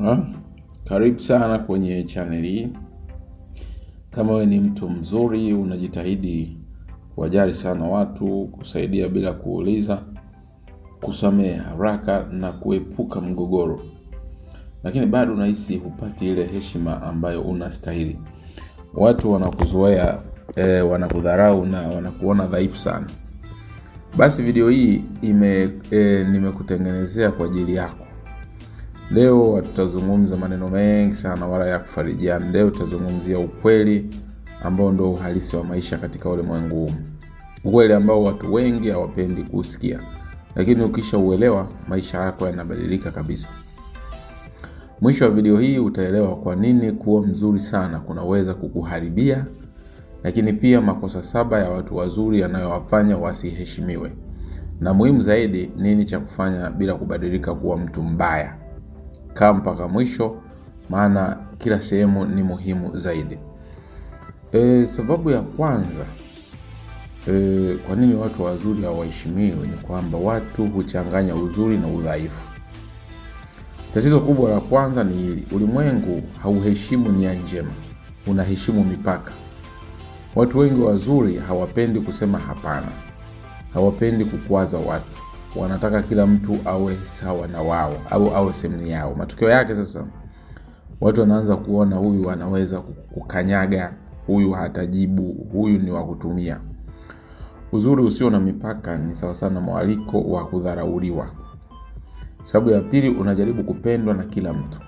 Ha? Karibu sana kwenye channel hii. Kama wewe ni mtu mzuri, unajitahidi kuwajali sana watu, kusaidia bila kuuliza, kusamehe haraka na kuepuka mgogoro, lakini bado unahisi hupati ile heshima ambayo unastahili, watu wanakuzoea e, wanakudharau na wanakuona dhaifu sana, basi video hii ime, e, nimekutengenezea kwa ajili yako. Leo hatutazungumza maneno mengi sana wala ya kufarijiana. Leo tutazungumzia ukweli ambao ndio uhalisi wa maisha katika ulimwengu huu, ukweli ambao watu wengi hawapendi kusikia, lakini ukishauelewa maisha yako yanabadilika kabisa. Mwisho wa video hii utaelewa kwa nini kuwa mzuri sana kunaweza kukuharibia, lakini pia makosa saba ya watu wazuri yanayowafanya wasiheshimiwe, na muhimu zaidi, nini cha kufanya bila kubadilika kuwa mtu mbaya kaa mpaka mwisho, maana kila sehemu ni muhimu zaidi. E, sababu ya kwanza e, kwa nini watu wazuri hawaheshimiwi ni kwamba watu huchanganya uzuri na udhaifu. Tatizo kubwa la kwanza ni hili: ulimwengu hauheshimu nia njema, unaheshimu mipaka. Watu wengi wazuri hawapendi kusema hapana, hawapendi kukwaza watu, wanataka kila mtu awe sawa na wao au awe sehemu yao. Matokeo yake sasa, watu wanaanza kuona huyu anaweza kukanyaga, huyu hatajibu, huyu ni wa kutumia. Uzuri usio na mipaka ni sawasawa na mwaliko wa kudharauliwa. Sababu ya pili, unajaribu kupendwa na kila mtu.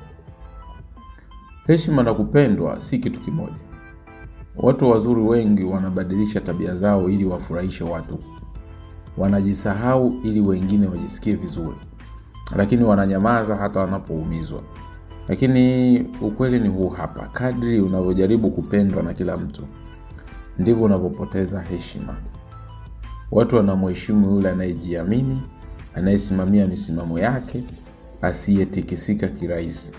Heshima na kupendwa si kitu kimoja. Watu wazuri wengi wanabadilisha tabia zao ili wafurahishe watu wanajisahau ili wengine wajisikie vizuri, lakini wananyamaza hata wanapoumizwa. Lakini ukweli ni huu hapa, kadri unavyojaribu kupendwa na kila mtu ndivyo unavyopoteza heshima. Watu wanamheshimu yule anayejiamini, anayesimamia misimamo yake, asiyetikisika kirahisi.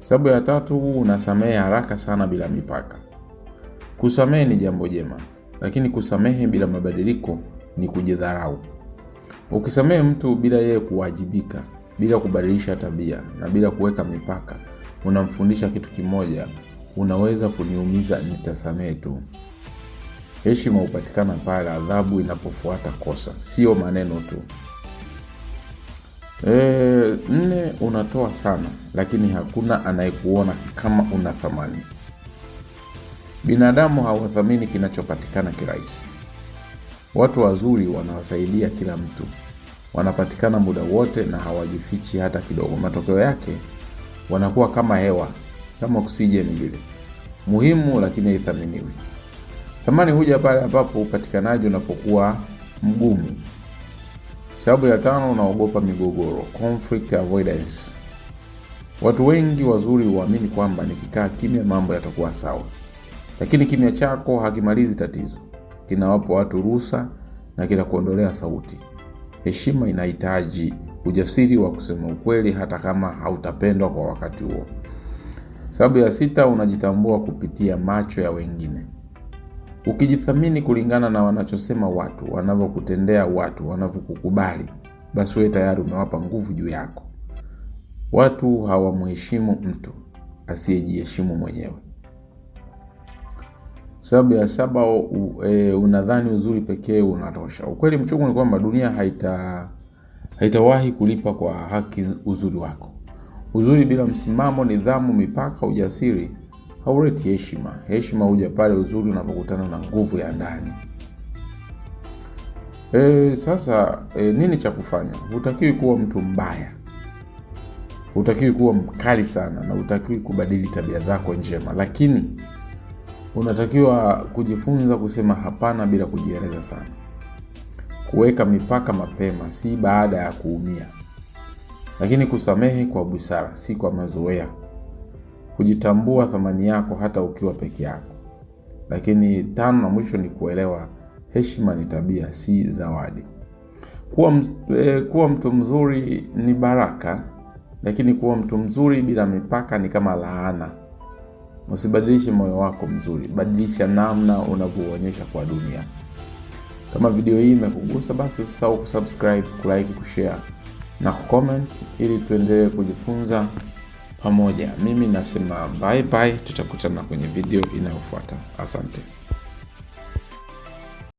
Sababu ya tatu, unasamehe haraka sana bila mipaka. Kusamehe ni jambo jema, lakini kusamehe bila mabadiliko ni kujidharau. Ukisamehe mtu bila yeye kuwajibika, bila kubadilisha tabia na bila kuweka mipaka, unamfundisha kitu kimoja: unaweza kuniumiza, nitasamehe tu. Heshima hupatikana pale adhabu inapofuata kosa, sio maneno tu. E, nne, unatoa sana lakini hakuna anayekuona kama una thamani. Binadamu hawathamini kinachopatikana kirahisi. Watu wazuri wanawasaidia kila mtu, wanapatikana muda wote na hawajifichi hata kidogo. Matokeo yake wanakuwa kama hewa, kama oksijeni vile, muhimu lakini haithaminiwi. Thamani huja pale ambapo upatikanaji unapokuwa mgumu. Sababu ya tano, unaogopa migogoro, conflict avoidance. Watu wengi wazuri huamini kwamba nikikaa kimya mambo yatakuwa sawa. Lakini kimya chako hakimalizi tatizo, kinawapa watu ruhusa na kinakuondolea sauti. Heshima inahitaji ujasiri wa kusema ukweli, hata kama hautapendwa kwa wakati huo. Sababu ya sita, unajitambua kupitia macho ya wengine. Ukijithamini kulingana na wanachosema watu, wanavyokutendea watu, wanavyokukubali, basi wewe tayari umewapa nguvu juu yako. Watu hawamheshimu mtu asiyejiheshimu mwenyewe. Sababu ya saba e, unadhani uzuri pekee unatosha. Ukweli mchungu ni kwamba dunia haita haitawahi kulipa kwa haki uzuri wako. Uzuri bila msimamo, nidhamu, mipaka, ujasiri haureti heshima. Heshima huja pale uzuri unapokutana na nguvu ya ndani. E, sasa e, nini cha kufanya? Hutakiwi kuwa mtu mbaya, hutakiwi kuwa mkali sana, na hutakiwi kubadili tabia zako njema, lakini Unatakiwa kujifunza kusema hapana bila kujieleza sana. Kuweka mipaka mapema, si baada ya kuumia. Lakini kusamehe kwa busara, si kwa mazoea. Kujitambua thamani yako hata ukiwa peke yako. Lakini tano na mwisho ni kuelewa heshima ni tabia, si zawadi. Kuwa, e, kuwa mtu mzuri ni baraka, lakini kuwa mtu mzuri bila mipaka ni kama laana. Usibadilishe moyo wako mzuri, badilisha namna unavyoonyesha kwa dunia. Kama video hii imekugusa, basi usisahau kusubscribe, kulike, kushare na kucomment ili tuendelee kujifunza pamoja. Mimi nasema bye bye, tutakutana kwenye video inayofuata. Asante.